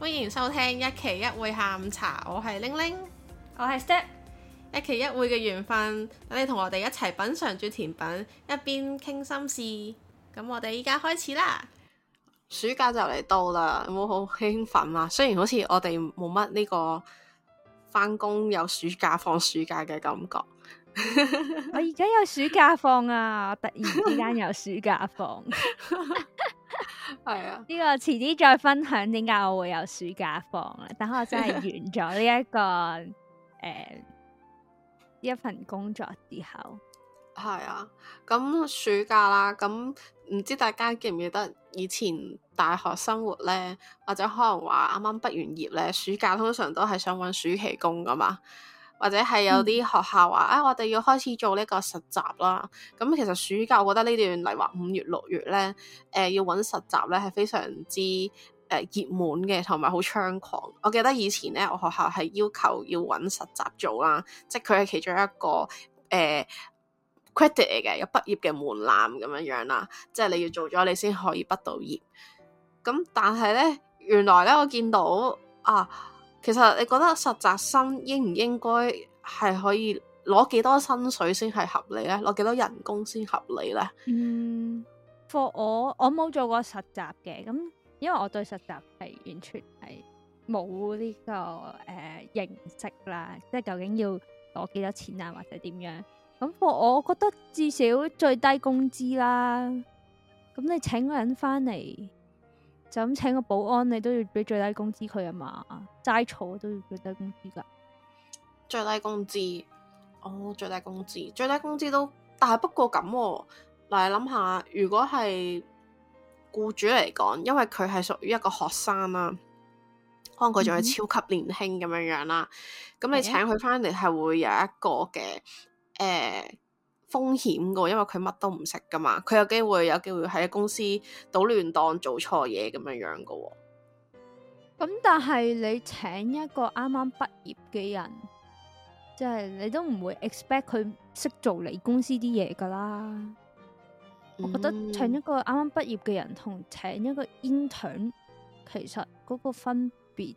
歡迎收聽一期一會下午茶，我係玲玲，我係是 Step。一期一會嘅緣分，等你同我哋一齊品嘗住甜品，一邊傾心事。咁我哋依家開始啦。暑假就嚟到啦，有冇好興奮啊？雖然好似我哋冇乜呢個返工有暑假放暑假嘅感覺。 我而家有暑假放啊！我突然之間有暑假放，係啊，呢個遲啲再分享點解我會有暑假放啊？等我真係完咗呢一個誒、 呃，一份工作之後，係啊。咁暑假啦，咁唔知大家記唔記得以前大學生活咧，或者可能話啱啱畢完業咧，暑假通常都係想搵暑期工噶嘛。或者係有啲學校話、嗯、啊，我哋要開始做呢個實習啦。咁、嗯、其實暑假我覺得呢段嚟話五月六月咧，誒、呃、要揾實習咧係非常之誒、呃、熱門嘅，同埋好猖狂。我記得以前咧，我學校係要求要揾實習做啦，即係佢係其中一個誒 credit 嚟嘅，有畢業嘅門檻咁樣樣啦。即係你要做咗，你先可以畢到業。咁、嗯、但係咧，原來咧我見到啊～其實你覺得實習生應唔應該係可以攞幾多薪水先係合理咧？攞幾多人工先合理咧？嗯 for 我，我冇做過實習嘅，咁因為我對實習係完全係冇呢個誒認識啦，即係究竟要攞幾多錢啊，或者點樣？咁我我覺得至少最低工資啦。咁你請個人返嚟。就咁請個保安，你都要俾最低工資佢啊嘛？齋坐都要最低工資噶、oh,？最低工資？哦，最低工資，最低工資都，但係不過咁、哦，嗱你諗下，如果係僱主嚟講，因為佢係屬於一個學生啦，可能佢仲係超級年輕咁樣樣啦，咁、嗯嗯、你請佢翻嚟係會有一個嘅，誒、呃。風險噶，因為佢乜都唔識噶嘛，佢有機會有機會喺公司搗亂，當做錯嘢咁樣樣噶。咁、嗯、但係你請一個啱啱畢業嘅人，即、就、係、是、你都唔會 expect 佢識做你公司啲嘢噶啦。嗯、我覺得請一個啱啱畢業嘅人同請一個 intern，其實嗰個分別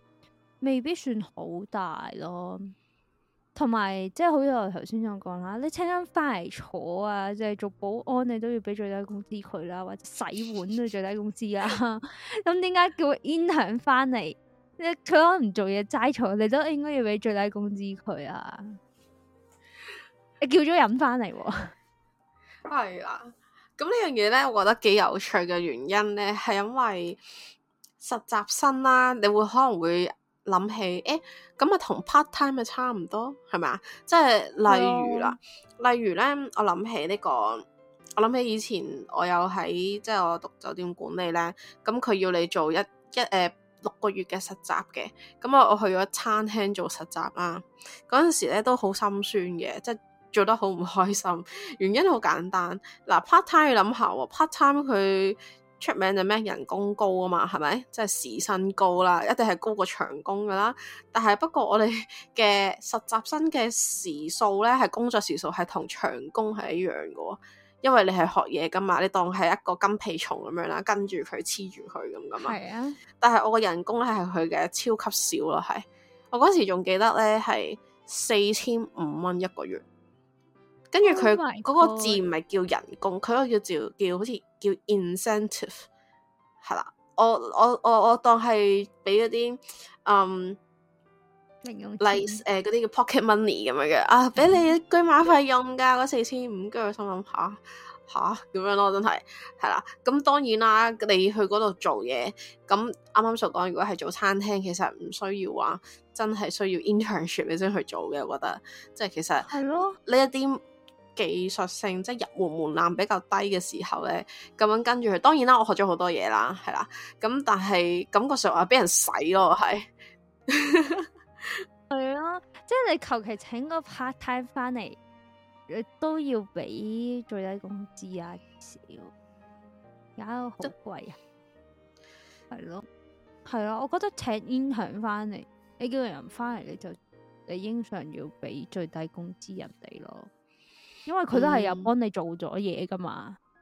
未必算好大咯。同埋即係好似我頭先有講啦，你請翻嚟坐啊，即係做保安你都要俾最低工資佢啦，或者洗碗都要最低工資啦。咁點解叫 intern 翻嚟？佢可能唔做嘢齋坐，你都應該要俾最低工資佢啊？ 你叫咗飲翻嚟喎，係啦。咁呢樣嘢咧，我覺得幾有趣嘅原因咧，係因為實習生啦、啊，你會可能會。諗起，誒咁啊，同 part time 咪差唔多，係咪啊？即係例如啦，嗯、例如咧，我諗起呢、呢個，我諗起以前我有喺即係我讀酒店管理咧，咁、嗯、佢要你做一一誒、呃、六個月嘅實習嘅，咁、嗯、啊我去咗餐廳做實習啦、啊，嗰陣時咧都好心酸嘅，即係做得好唔開心，原因好簡單，嗱、啊、part time 諗下喎，part time 佢。出名就咩人工高啊嘛，係咪？即係時薪高啦，一定係高過長工噶啦。但係不過我哋嘅實習生嘅時數咧，係工作時數係同長工係一樣噶，因為你係學嘢噶嘛，你當係一個金屁蟲咁樣啦，跟住佢黐住佢咁噶嘛。係啊。但係我個人工咧係佢嘅超級少咯，係我嗰時仲記得咧係四千五蚊一個月。跟住佢嗰個字唔係叫人工，佢嗰、oh、my 個叫叫叫好似叫 incentive 係啦。我我我我當係俾一啲嗯，用例如嗰啲叫 pocket money 咁樣嘅啊，俾你居、嗯、馬費用㗎嗰四千五。跟住佢心諗嚇嚇咁樣咯，真係係啦。咁當然啦，你去嗰度做嘢，咁啱啱所講，如果係做餐廳，其實唔需要話真係需要 internship 你先去做嘅。我覺得即係其實係咯呢一啲。的技術性即係入門門檻比較低嘅時候咧，咁樣跟住佢。當然啦，我學咗好多嘢啦，係啦。咁但係感覺上話俾人洗咯，係係咯。即 係、 就是、你求其請個 part time 翻嚟，你都要俾最低工資啊？而家好貴啊，係咯就，係咯。我覺得請 intern 翻嚟，你叫人翻嚟，你就你 intern 常要俾最低工資人哋咯。因為佢都係有幫你做咗嘢噶嘛，嗯、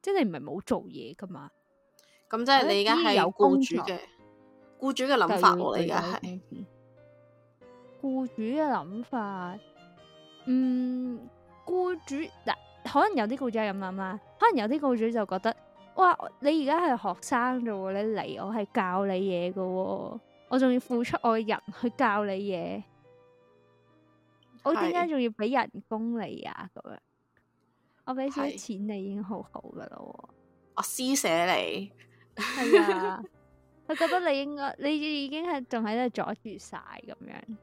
即係你唔係冇做嘢噶嘛，咁即係你而家係雇主嘅，雇主嘅諗法喎，你而家係雇主嘅諗法，嗯，雇主，可能有啲雇主係咁諗啦，可能有啲雇主就覺得，哇，你而家係學生咋喎，你嚟我係教你嘢噶，哦，我仲要付出我嘅人去教你嘢。我點解仲要俾人工你啊？咁樣我俾少啲錢你已經好好噶啦，我施捨你係啊， 我覺得你應該你已經係仲喺度阻住晒咁樣。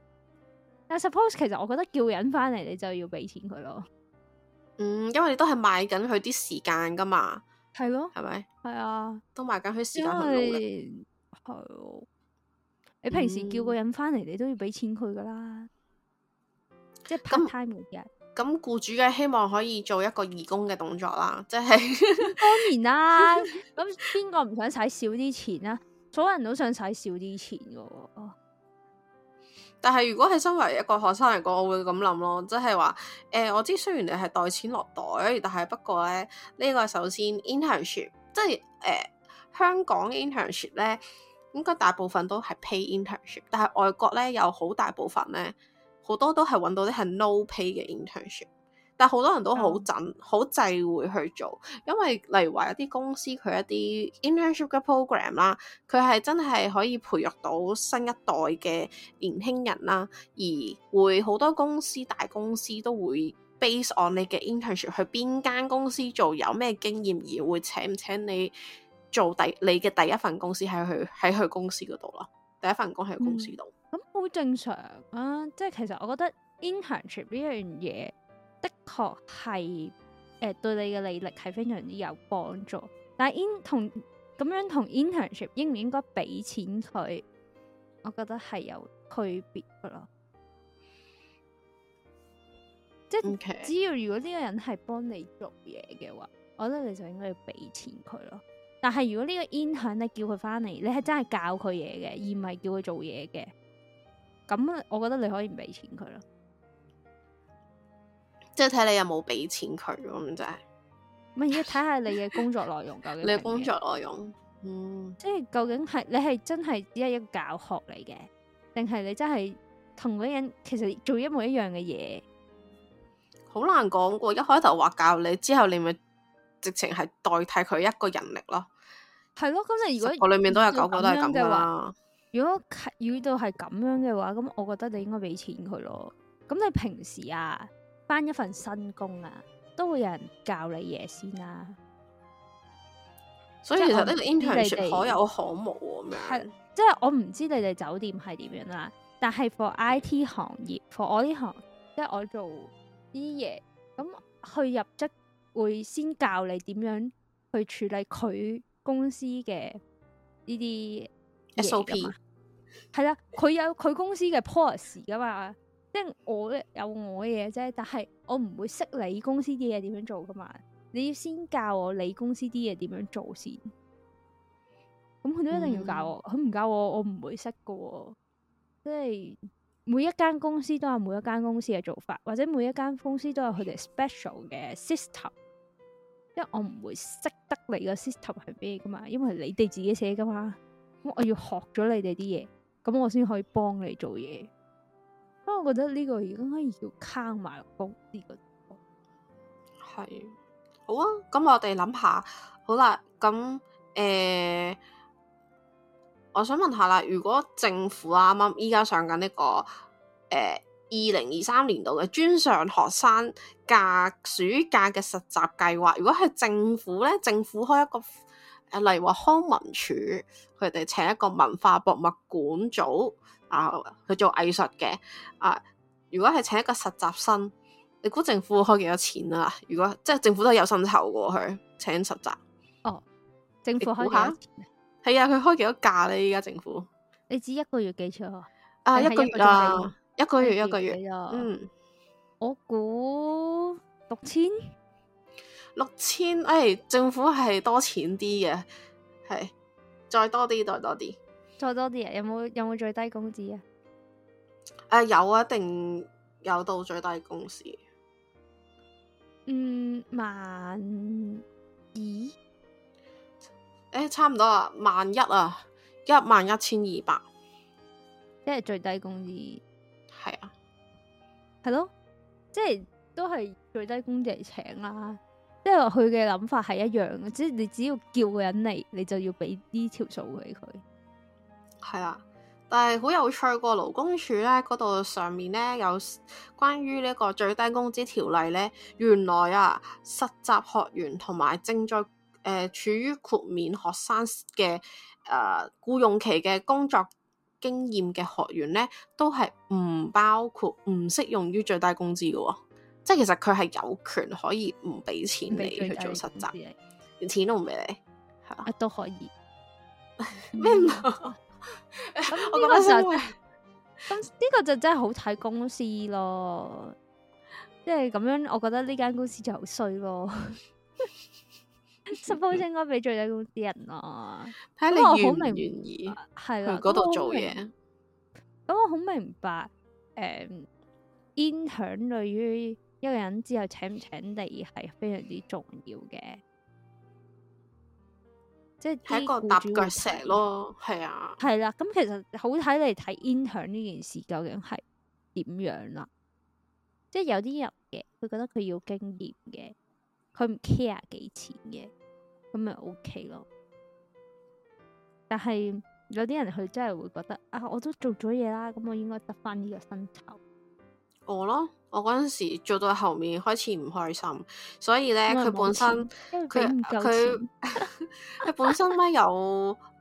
但 suppose 其實我覺得叫人翻嚟你就要俾錢佢咯。嗯，因為你都係賣緊佢啲時間噶嘛。係咯，係咪吧？係啊，都賣緊佢時間去為。係哦，你平時叫個人翻嚟，你都要俾錢佢噶啦。嗯即係 part time 嚟嘅，咁僱主嘅希望可以做一個義工嘅動作啦，即係當然啦。咁邊個唔想使少啲錢啊？所有人都想使少啲錢嘅。 但係如果係身為一個學生嚟講，我會咁諗咯，即係話，誒、呃，我知雖然你係袋錢落袋，但係不過咧，呢個首先 internship，即係、誒、呃、香港 internship 咧，應該大部分都係 pay internship，但係外國咧有好大部分咧。好多都係揾到啲係 no pay 嘅 internship，但好多人都好準好滯會去做，因為例如話一啲公司佢一啲 internship 嘅 program 啦，佢係真係可以培育到新一代嘅年輕人啦，而會好多公司大公司都會 based on 你嘅 internship 去邊間公司做，有咩經驗而會請唔請你做第你嘅第一份公司喺佢喺佢公司嗰度咯，第一份工喺佢公司度，嗯好正常啊，即係其實我覺得 internship 呢樣嘢的確係誒對你嘅履歷係非常之有幫助。但係 in 同咁樣同 internship 應唔應該俾錢佢？我覺得係有區別噶咯，即係 Okay. 只要如果呢個人係幫你做嘢嘅話，我覺得你就應該要俾錢佢咯。但係如果呢個 intern 你叫佢翻嚟，你係真係教佢嘢嘅，而唔係叫佢做嘢嘅。咁，我覺得你可以唔俾錢佢咯，即係睇你有冇俾錢佢咁就係，咪而家睇下你嘅工作內容究竟 你嘅工作內容，嗯，即係究竟係你係真係只係一個教學嚟嘅，定係你真係同嗰個人其實做一模一樣嘅嘢？好難講噶，一開頭話教你之後，你咪直情係代替佢一個人力咯。係咯，咁你如果十個裏面都有九個都係咁噶啦。如果遇到係咁樣嘅話，咁我覺得你應該俾錢佢咯。咁你平時啊，翻一份新工啊，都會有人教你嘢先啦。所以其實呢個 internship 可有可無啊。咁樣來，即係我唔知你哋酒店係點樣啦。但係 for I T 行業，for 我呢行，即係我做啲嘢，咁去入職會先教你點樣去處理佢公司嘅呢啲 S O P。係啦，佢有佢公司嘅 policy 噶嘛，即係我有我嘅嘢啫。但係我唔會識你公司啲嘢點樣做噶嘛，你要先教我你公司啲嘢點樣做先。咁佢都一定要教我，佢唔、嗯、教我，我唔會識噶。即係每一間公司都有每一間公司嘅做法，或者每一間公司都有佢哋 special 嘅 system, system。因為我唔會識得你個 system 係咩噶嘛，因為你哋自己寫噶嘛，咁我要學咗你哋啲嘢。咁我先可以幫你做嘢，因為我覺得呢個可以要坑埋工呢、這個工，係好啊！咁我哋諗下，好啦，咁誒，我想問，問下啦，如果政府啊啱啱依家上緊、這、呢個誒二零二三年度嘅專上學生假暑假嘅實習計劃，如果係政府咧，政府開一個。例如話康文署，佢哋請一個文化博物館組啊去、呃、做藝術嘅啊、呃，如果係請一個實習生，你估政府開幾多錢啊？如果即係政府都係有薪酬嘅佢請實習。哦，政府開幾多錢？係 啊，佢開幾多價咧？依家政府，你指一個月幾錢啊？啊，一個月啦、啊，一個月、啊、一個月，嗯，我估六千。六千，誒、哎，政府係多錢啲嘅，係再多啲，再多啲，再多啲啊！有冇有冇最低工資啊？誒、呃，有啊，一定有到最低工資，嗯，萬二，誒、欸，差唔多啊，萬一啊，一萬一千二百，即係最低工資，係啊，係咯，即係都係最低工資嚟請啦、啊。即係佢嘅諗法係一樣，即係你只要叫個人嚟，你就要俾啲條數俾佢。係啦，但係好有趣，個勞工處咧，嗰度上面咧有關於呢一個最低工資條例咧，原來啊，實習學員同埋正在誒、呃、處於豁免學生嘅誒雇傭期嘅工作經驗嘅學員咧，都係唔包括，唔適用於最低工資嘅、哦。即係其實佢係有權可以唔俾錢你去做實習，連錢都唔俾你，係都可以咩？咁呢個咁呢、 嗯這個就真係好睇公司咯。即係咁樣，我覺得呢間公司就好衰咯。Suppose 應該俾最低工資人咯，睇下你願唔願意去嗰度做嘢。咁我好明白，誒，intern 對於。嗯嗯嗯一個人之後請唔請你係非常之重要嘅，即係一個踏腳石咯。係啊，係啦，啊。咁其實好睇你睇影響呢件事究竟係點樣啦。即係有啲人嘅，佢覺得佢要經驗嘅，佢唔 care 幾錢嘅，咁咪 OK 咯。但係有啲人佢真係會覺得啊，我都做咗嘢啦，咁我應該得翻呢個薪酬。我咯，我嗰陣時做到後面開始唔開心，所以咧佢本身佢佢佢本身咧有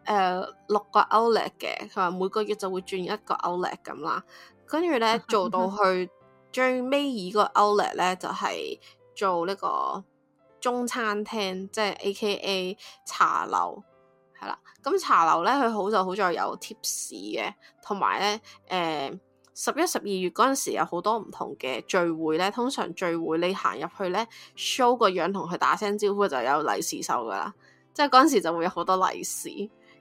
誒六、呃、個 Outlet 嘅，佢話每個月就會轉一個 Outlet 咁啦，跟住咧做到去最尾二個 Outlet 咧就係、是、做呢個中餐廳，即係 A K A 茶樓，係啦。咁、嗯、茶樓咧佢好就好在有貼士嘅，同埋咧誒。呃十一、十二月嗰陣時有好多唔同嘅聚會咧，通常聚會你行入去咧 show 個樣同佢打聲招呼就有利是收噶啦。即係嗰陣時就會有好多利是，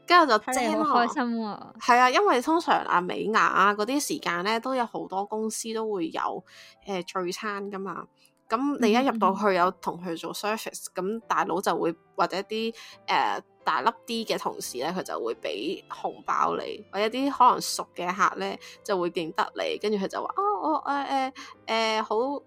跟住就開心。係、哦、啊，因為通常亞美亞嗰啲時間咧都有好多公司都會有誒、呃、聚餐噶嘛，咁你一入到去嗯嗯有同佢做 service，咁大佬就會或者啲誒。呃大粒啲嘅同事咧，佢就會俾紅包你，或者啲可能熟嘅客咧就會認得你，跟住佢就話哦、啊，我誒誒誒好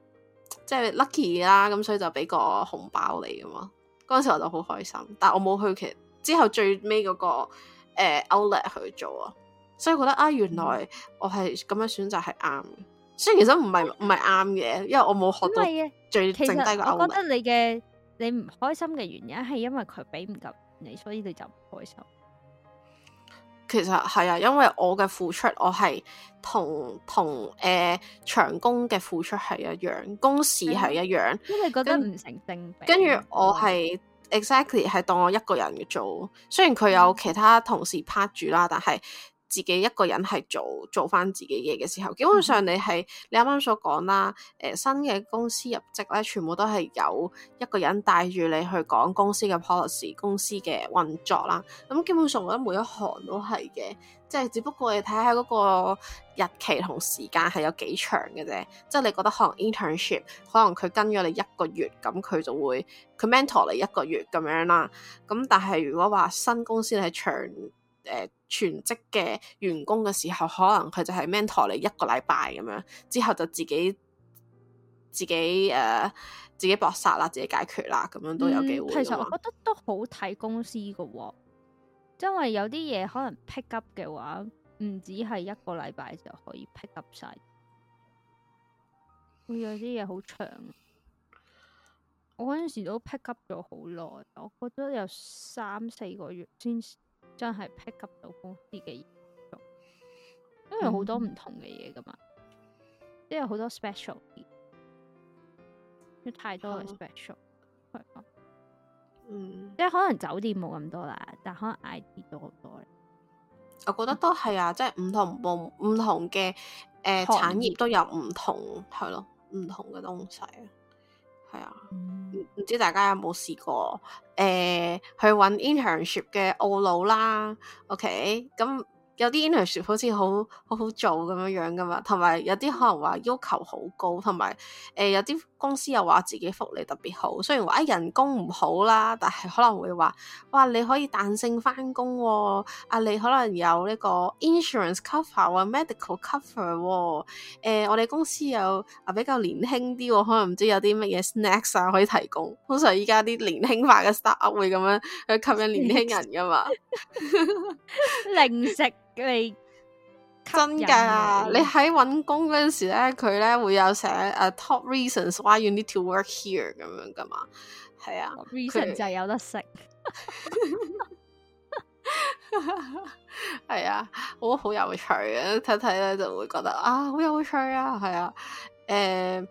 即係 lucky 啦，咁所以就俾個紅包你噶嘛。嗰陣時我就好開心，但我冇去其之後最尾嗰、那個誒、呃、Outlet 去做啊，所以覺得啊原來我係咁樣選擇係啱嘅，雖然其實唔係唔係啱嘅，因為我冇學到最剩低。我覺得你嘅你唔開心嘅原因係因為佢俾唔夠。你所以你就唔開心。其實係啊，因為我嘅付出，我係同同誒長工嘅付出係一樣，工時係一樣。咁你覺得唔成正比？跟住我係、嗯、exactly 係當我一個人做，雖然佢有其他同事 part 住啦，但係。嗯自己一個人係做做翻自己嘢嘅時候，基本上你係你啱啱所講啦。誒、呃，新嘅公司入職咧，全部都係有一個人帶住你去講公司嘅 policy、公司嘅運作啦。咁、嗯、基本上我覺得每一行都係嘅，即係只不過你睇下嗰個日期同時間係有幾長嘅啫。即係你覺得可能 internship 可能佢跟咗你一個月，咁佢就會佢 mentor 你一個月咁樣啦。咁、嗯、但係如果話新公司你係長誒、呃，全職嘅員工嘅時候，可能佢就係 mentor 你一個禮拜咁樣，之後就自己自己誒，自己搏殺、呃、啦，自己解決啦，咁樣都有機會、嗯。其實我覺得都好睇公司噶、哦，因為有啲嘢可能 pick up 嘅話，唔止係一個禮拜就可以 pick up 晒。會有啲嘢好長，我嗰陣時都 pick up 咗好耐，我覺得有三四個月先。真係 pick up 到公司嘅嘢，因為好多唔同嘅嘢㗎嘛，嗯、即係好多 special，有太多嘅 special，係，嗯，即係可能酒店冇咁多啦，但可能 I D 都好多，多。我覺得都係啊，即係唔同部唔同嘅誒、呃、業、產業都有唔同，係咯、啊，唔同嘅東西啊，係啊、嗯。唔知大家有冇試過？誒、呃，去揾 internship 嘅澳魯啦，OK、嗯。咁有啲 internship 好似好好好做咁樣樣㗎嘛，同埋有啲可能話要求好高，同埋誒有啲。呃有公司又話自己福利特別好，雖然話啊、哎、人工唔好啦，但係可能會話，哇你可以彈性翻工、哦，啊你可能有呢個 insurance cover 啊 medical cover，誒、哦呃、我哋公司有啊比較年輕啲、哦，可能唔知有啲乜嘢 snacks 啊可以提供。通常依家啲年輕化嘅 startup 會咁樣去吸引年輕人噶嘛，零食你。真噶、啊，你喺揾工嗰陣時咧，佢咧會有寫誒 top reasons why you need to work here 咁樣噶嘛？係啊，reason 原因 他就係有得食。係 啊，好好有趣嘅，睇睇咧就會覺得啊，好有趣啊，係啊，誒，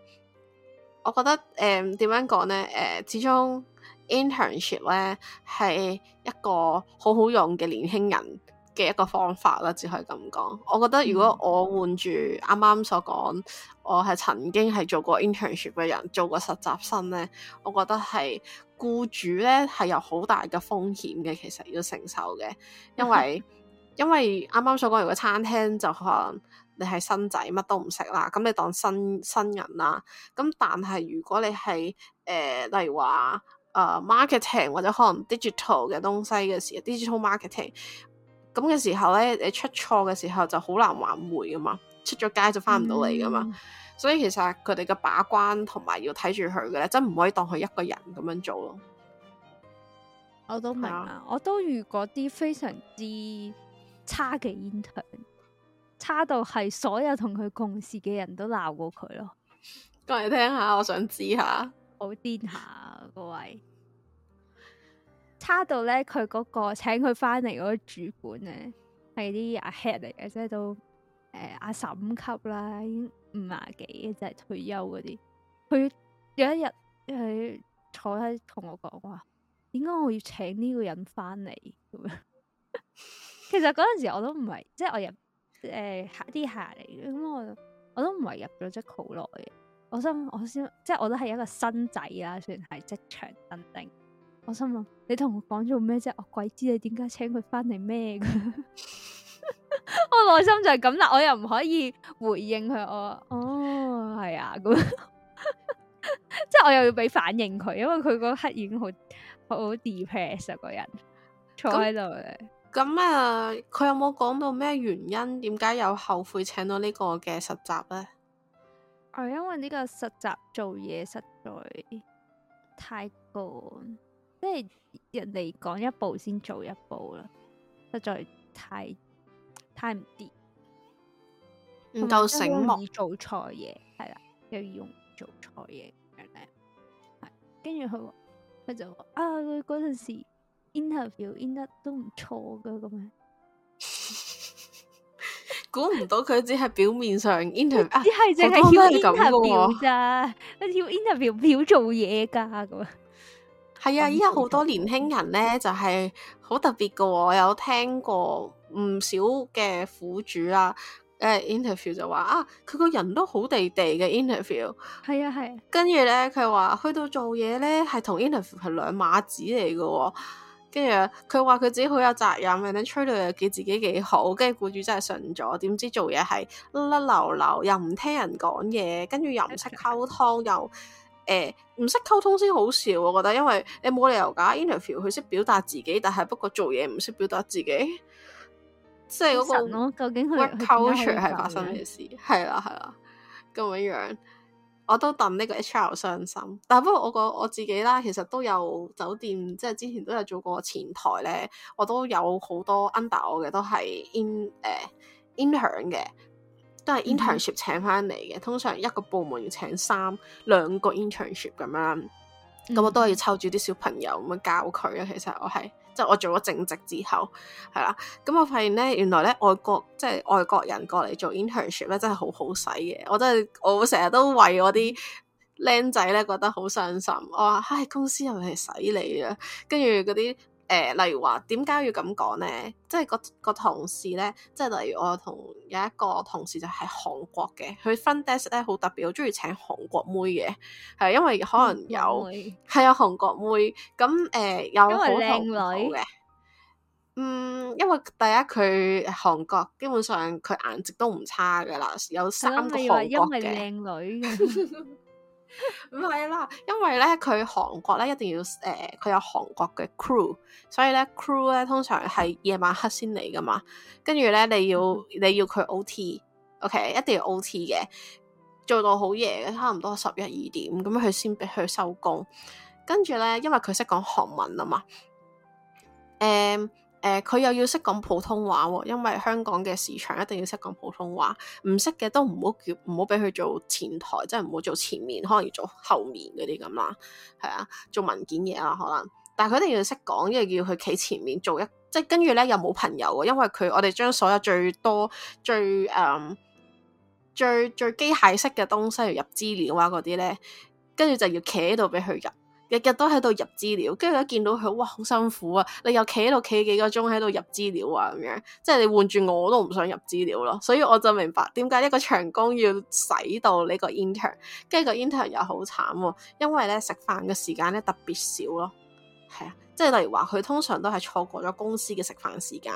我覺得誒點樣講呢？誒、嗯嗯，始終 internship 咧係一個好好用嘅年輕人。嘅一個方法啦，只可以咁講。我覺得如果我換住啱啱所講，嗯、我係曾經係做過 internship 嘅人，做過實習生咧，我覺得係僱主咧係有好大嘅風險嘅，其實要承受嘅，因為、嗯、因為啱啱所講，如果餐廳就可能你係新仔，乜都唔識啦，咁你當新新人啦。咁但係如果你係誒、呃、例如話誒、呃、marketing 或者可能 digital 嘅東西嘅時，digital marketing。咁嘅時候咧，你出錯嘅時候就好難挽回噶嘛，出咗街就翻唔到嚟噶嘛，嗯、所以其實佢哋嘅把關同埋要睇住佢嘅咧，真唔可以當佢一個人咁樣做咯。我都明啊，看我都遇過啲非常之差嘅 intern，差到係所有同佢共事嘅人都鬧過佢咯。講嚟聽下，我想知下，好會癲下、啊、各位。 差到咧，佢嗰、嗰個請佢翻嚟嗰個主管咧，係啲阿 head 嚟嘅，即係都誒阿嬸級啦，已經五廿幾即係退休嗰啲。佢有一日佢坐喺同我講話，點解我要請呢個人翻嚟咁樣？ 其實嗰陣時我都唔係，即係我入誒啲 head 嚟，咁、呃、我我都唔係入咗職好耐，我先我先即係我都係一個新仔啦，算係職場新丁。我心諗你同我講咗咩啫？我、哦、鬼知你點解請佢翻嚟，咩？ 我內心就係咁啦，我又唔可以回應佢，我哦，係啊咁， 即係我又要俾反應佢，因為佢嗰刻已經好好 depress 個人坐喺度咧。咁啊，佢、uh, 有冇講到咩原因？點解有後悔請到呢個嘅實習咧？我因為呢個實習做嘢實在太過。即係人哋講一步先做一步啦，實在太太唔掂，唔夠醒目做錯嘢，係啦，又要用做錯嘢，係咪？係跟住佢話，佢就話啊，佢嗰陣時 interview in 得都唔錯噶，咁樣，估唔到佢只係表面上 interview，只係淨係要 interview 咋，佢要 interview 表做嘢噶，咁啊～係啊，依家好多年輕人咧，就係、是、好特別嘅、哦。我有聽過唔少嘅苦主啦，誒 interview 就話啊，佢、呃、個、啊、人都好地地嘅 interview。係 inter 啊係。跟住咧，佢話去到做嘢咧，係同 interview 係兩碼子嚟嘅喎。跟住佢話佢自己好有責任，你吹到又幾自己幾好，跟住僱主真係順咗。點知做嘢係甩甩流流，又唔聽人講嘢，跟住又唔識溝通又。誒，唔識溝通先好笑，我覺得，因為你冇理由噶 interview，佢識表達自己，但係不過做嘢唔識表達自己，即係嗰個神神、啊、究竟佢 culture 係發生咩事，係啦係啦咁樣樣，我都等呢個 HR 傷心。但係不過我個我自己啦，其實都有酒店，即係之前都有做過前台咧，我都有好多 under 我嘅都係 in 誒 intern 嘅。都係 internship 請翻嚟嘅，嗯、通常一個部門要請三兩個 internship 咁樣，咁、嗯、我都係要湊住啲小朋友咁樣教佢啊。其實我係即係我做咗正職之後係啦，咁我發現咧，原來咧外國即係外國人過嚟做 internship 咧真係好好使嘅。我真係我成日都為我啲僆仔咧覺得好傷心。我話唉，公司又嚟使你啊，跟住嗰啲。誒，例如話點解要咁講咧？即係個個同事咧，即係例如我同有一個同事就係韓國嘅，佢 front desk 咧，好特別，好中意請韓國妹嘅，係因為可能有係有、嗯、韓國妹，咁誒有好靚女嘅，嗯，因為第一佢韓國基本上佢顏值都唔差噶啦，有三個韓國嘅。 唔係 啦，因為咧佢韓國咧一定要誒，佢、呃、有韓國嘅 crew，所以咧 crew 咧通常係夜晚黑先嚟噶嘛，跟住咧，你要你要佢 OT，OK、okay? 一定要 OT 嘅，做到好夜嘅，差唔多十一二點，咁佢先俾佢收工，跟住咧因為佢識講韓文啊嘛，誒、嗯。誒佢、呃、又要識講普通話喎，因為香港嘅市場一定要識講普通話，唔識嘅都唔好叫，唔好俾佢做前台，即係唔好做前面，可能要做後面嗰啲咁啦，係啊，做文件嘢啦可能，但係佢一定要識講，因為要佢企前面做一，即係跟住咧又冇朋友，因為佢我哋將所有最多最誒、呃、最最機械式嘅東西入資料啊嗰啲咧，跟住就要企喺度俾佢入。日日都喺度入資料，跟住一見到佢，哇，好辛苦啊！你又企喺度企幾個鐘喺度入資料啊，咁樣，即係你換住我，我都唔想入資料咯。所以我就明白點解一個長工要使到呢個 intern，跟住個 intern 又好慘喎，因為咧食飯嘅時間咧特別少咯，係啊，即係例如話佢通常都係錯過咗公司嘅食飯時間。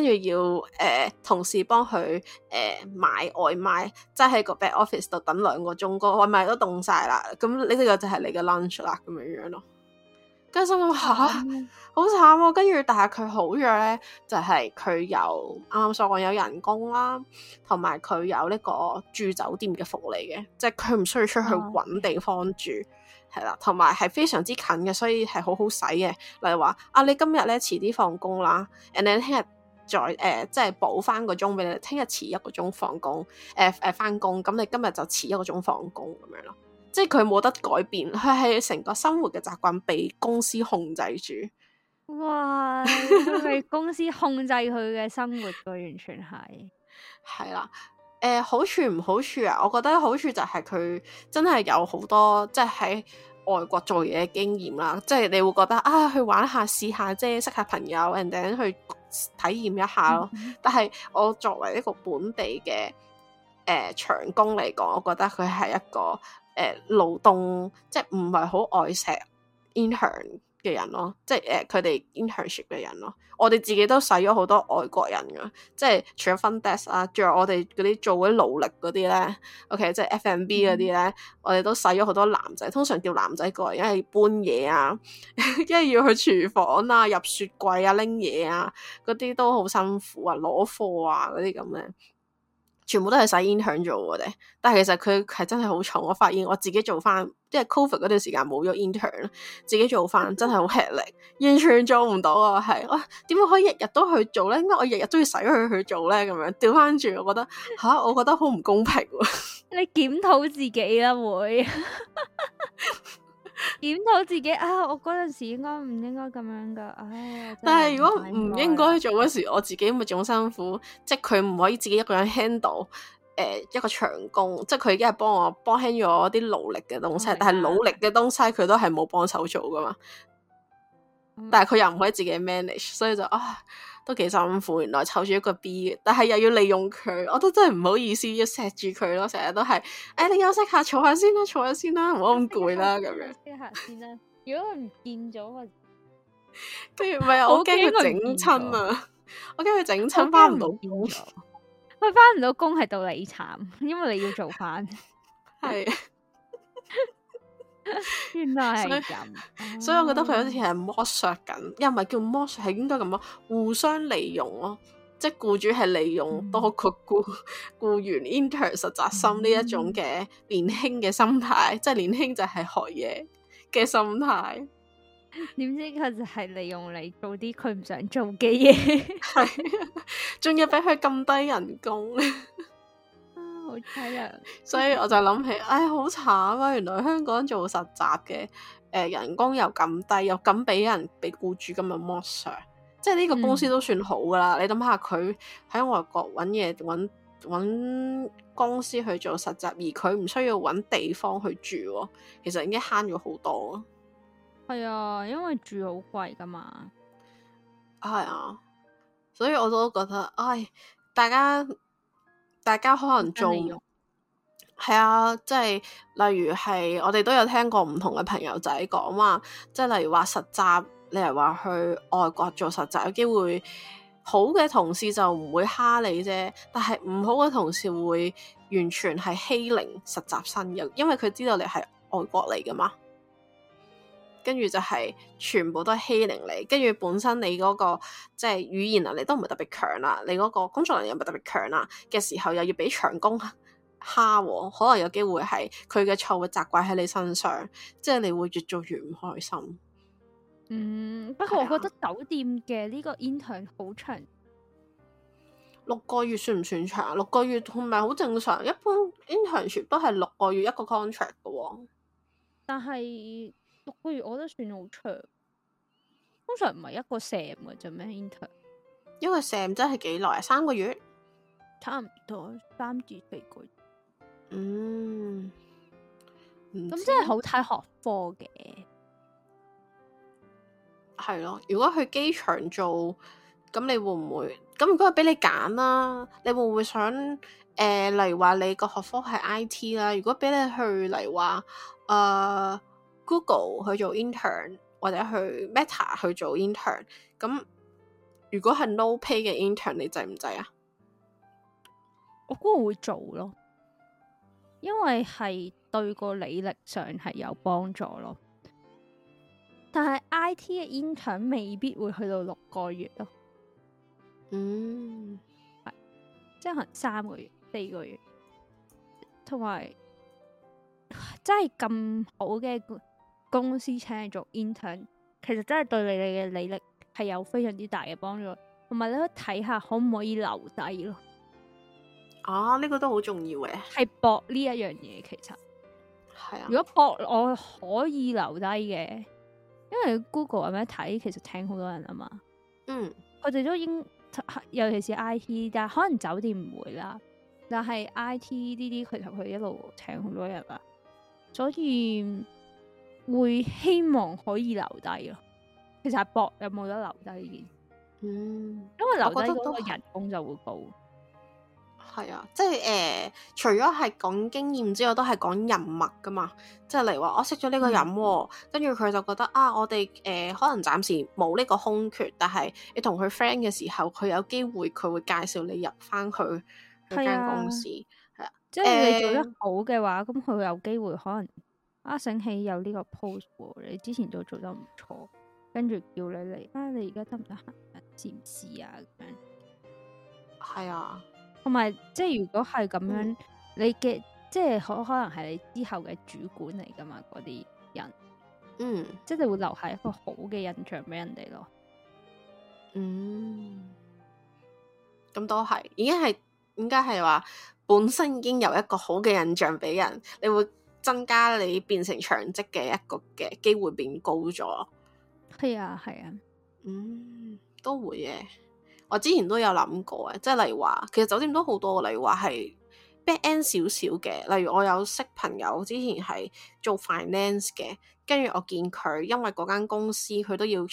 跟住要誒、呃、同事幫佢誒買外賣，即係喺個 back office 度等兩個鐘，個外賣都凍晒啦。咁、這、呢個就係你嘅 lunch 啦，咁樣樣咯。跟住心諗嚇，好、啊、慘。跟住、嗯啊，但係佢好咗咧，就係、是、佢有啱啱所講有人工啦，同埋佢有呢個住酒店嘅福利嘅，即係佢唔需要出去揾地方住，係啦、嗯，同埋係非常之近嘅，所以係好好使嘅。例如話啊，你今日咧遲啲放工啦，and then 聽日。再誒、呃，即係補翻個鐘俾你。聽日遲一個鐘放工，誒、呃、誒，翻工咁，你今日就遲一個鐘放工咁樣咯。即係佢冇得改變，佢係成個生活嘅習慣被公司控制住。哇！佢 公司控制佢嘅生活，佢完全係係啦。誒、 呃，好處唔好處啊？我覺得好處就係佢真係有好多即係喺外國做嘢嘅經驗啦。即係你會覺得啊，去玩下試下即係，識下朋友，人哋去。體驗一下咯，但係我作為一個本地嘅誒、呃、長工嚟講，我覺得佢係一個誒勞、呃、動，即係唔係好愛錫，intern 嘅人咯，即係誒，佢、呃、哋 internship 嘅人咯，我哋自己都使咗好多外國人噶，即係除咗 founders 啊，仲有我哋嗰啲做嗰啲勞力嗰啲咧，OK，即係 F&B 嗰啲咧，呢嗯、我哋都使咗好多男仔，通常叫男仔過嚟，因為搬嘢啊，因為要去廚房啊，入雪櫃啊，拎嘢啊，嗰啲都好辛苦啊，攞貨啊，嗰啲咁嘅。全部都係使 intern 做嘅，我哋但係其實佢係真係好重。我發現我自己做翻，即係 covid 嗰段時間冇咗 intern 自己做翻真係好吃力，完全做唔到啊！係，點解可以日日都去做咧？點解我日日都要使佢去做咧，咁樣掉翻轉，我覺得吓，我覺得好唔公平。你檢討自己啦，妹。 檢討自己啊！我嗰陣時應該唔應該咁樣噶，唉！但係如果唔應該做嗰時， 我自己咪仲辛苦。即係佢唔可以自己一個人 handle，誒、呃，一個長工，即係佢已經係幫我幫 handle 咗我啲勞力嘅東西， 但係腦力嘅東西佢都係冇幫手做噶嘛。但係佢又唔可以自己 manage，所以就啊。都幾辛苦，原來湊住一個 B，但係又要利用佢，我都真係唔好意思要錫住佢咯，成日都係，誒、哎、你休息下，坐下先啦，坐下先啦，唔好咁攰啦咁樣。休息下先啦， 如果佢唔見咗個，跟住唔係我驚佢整親啊，我驚佢整親翻唔到，佢翻唔到工係到你慘，因為你要做翻，係。 原來係咁，所以我覺得佢好似係剝削緊，哦、又唔係叫剝削，係應該咁咯，互相利用咯，啊，即係僱主係利用，嗯、多個僱僱員 intern 實習生呢一種嘅年輕嘅心態，嗯、即係年輕就係學嘢嘅心態。點知佢就係利用你做啲佢唔想做嘅嘢，係，仲要俾佢咁低人工。好慘、啊， 所以我就諗起，唉、哎，好慘啊！原來香港做實習嘅，誒、呃，人工又咁低，又咁俾人俾僱主咁樣剝削，即係呢個公司都算好噶啦。嗯、你諗下佢喺外國揾嘢揾搵公司去做實習，而佢唔需要揾地方去住、啊，其實已經慳咗好多。係啊，因為住好貴噶嘛。係啊、哎，所以我都覺得，唉、哎，大家。大家可能做，係 啊，即係例如係，我哋都有聽過唔同嘅朋友仔講話，即係例如話實習，你係話去外國做實習，有機會好嘅同事就唔會蝦你啫，但係唔好嘅同事會完全係欺凌實習生嘅，因為佢知道你係外國嚟噶嘛。跟住就係全部都係欺凌你，跟住本身你嗰、那個即係、就是、語言能力都唔係特別強啦，你嗰個工作能力又唔係特別強啦嘅時候，又要俾長工蝦，可能有機會係佢嘅錯會責怪喺你身上，即係你會越做越唔開心。嗯，不過、啊、我覺得酒店嘅呢個 intern 好長，六個月算唔算長？六個月同埋好正常，一般 internship 都係六個月一個 contract 嘅喎，但係。六個月我覺得算好長，通常唔係一個 sam 嘅啫咩？Intern，一個 sam 真係幾耐啊？三個月，差唔多三至四個月。嗯，咁真係好睇學科嘅，係咯？如果去機場做，咁你會唔會？咁如果俾你揀啦，你會唔會想？誒、呃，例如話你個學科係 IT 啦、啊，如果俾你去例如話，誒。呃 Google 去做 intern 或者去 Meta 去做 intern，咁如果係 no pay 嘅 intern，你制唔制啊？我估會做咯，因為係對個履歷上係有幫助咯。但係 IT 嘅 intern 未必會去到六個月咯。嗯，即係可能三個月、四個月，同埋真係咁好嘅。公司請你做 intern，其實真係對你哋嘅履歷係有非常之大嘅幫助，同埋你咧睇下可唔可以留低咯。啊，呢個都好重要嘅，係博呢一樣嘢。其實係啊，如果博，我可以留低嘅，因為 Google 咁樣睇，其實請好多人啊嘛。嗯，佢哋都應，尤其是 IT，但係可能酒店唔會啦。但係 IT 呢啲，其實佢一路請好多人啊，所以。會希望可以留低咯，其實搏有冇得留低？嗯，因為留低嗰個人工就會高。係啊，即係誒、呃，除咗係講經驗之外，都係講人脈噶嘛。即係嚟話，我識咗呢個人、哦，跟住佢就覺得啊，我哋誒、呃、可能暫時冇呢個空缺，但係你同佢 friend 嘅時候，佢有機會佢會介紹你入翻去間、啊、公司。係啊，即係你做得好嘅話，咁佢、呃、有機會可能。阿醒、啊、起有呢個 post，你之前都做得唔錯，跟住叫你嚟，啊你而家得唔得閒？占士啊？咁樣係啊，同埋、啊、即係如果係咁樣，嗯、你嘅，即係好可能係你之後嘅主管嚟噶嘛嗰啲人，嗯，即係你會留下一個好嘅印象俾人哋咯。嗯，咁都係，已經係應該係話本身已經有一個好嘅印象俾人，你會。增加你變成長職嘅一個嘅機會變高咗，係啊，係啊，啊嗯都會嘅。我之前都有諗過嘅，即係例如話，其實酒店都好多，例如話係 back end 少少嘅。例如我有識朋友之前係做 finance 嘅，跟住我見佢，因為嗰間公司佢都要。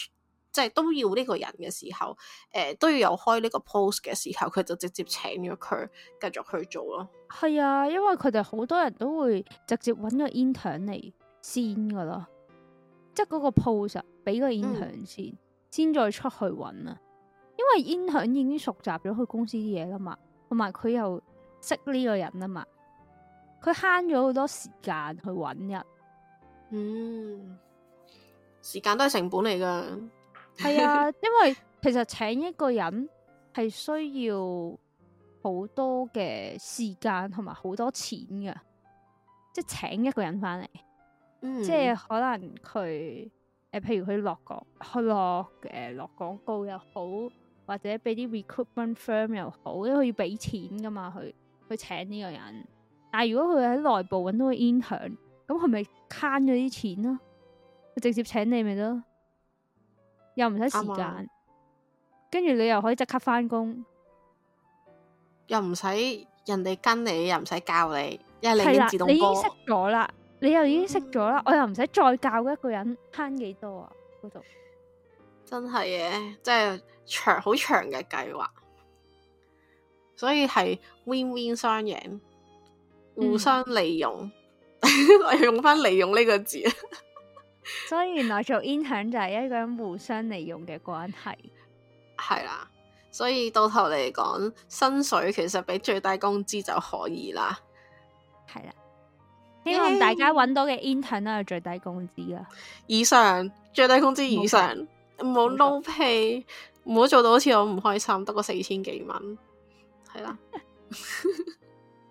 即係都要呢個人嘅時候，誒、呃、都要有開呢個 post 嘅時候，佢就直接請咗佢繼續去做咯。係啊，因為佢哋好多人都會直接揾個 intern 嚟先噶咯，即係嗰個 post 俾、啊、個 intern 先，嗯、先再出去揾啊。因為 intern 已經熟習咗佢公司啲嘢啦嘛，同埋佢又識呢個人啊嘛，佢慳咗好多時間去揾人。嗯，時間都係成本嚟噶。係啊， 因為其實請一個人係需要好多嘅時間同埋好多錢噶，即係請一個人翻嚟，嗯、即係可能佢誒，譬如佢落廣，去落誒落廣告又好，或者俾啲 recruitment firm 又好，因為佢要俾錢噶嘛，佢去請呢個人。但係如果佢喺內部揾到個 intern，咁係咪慳咗啲錢咯？佢直接請你咪得。又唔使時間，跟住吧你又可以即刻翻工，又唔使人哋跟你，又唔使教你，因為你已經自動識咗啦，你，嗯、你又已經識咗啦，我又唔使再教一個人，慳幾多啊？嗰度真係嘅，即係長好長嘅計劃，所以係 win win 雙贏，互相利用，嗯、 我用翻利用呢個字所以原來做 intern 就係一個人互相利用嘅關係，係啦。所以到頭嚟講，薪水其實俾最低工資就可以啦。係啦，希望大家揾到嘅 intern 都有最低工資啦。以上最低工資以上，唔好撈屁，唔好 No pay. 做到好似我唔開心，得個四千幾蚊。係啦。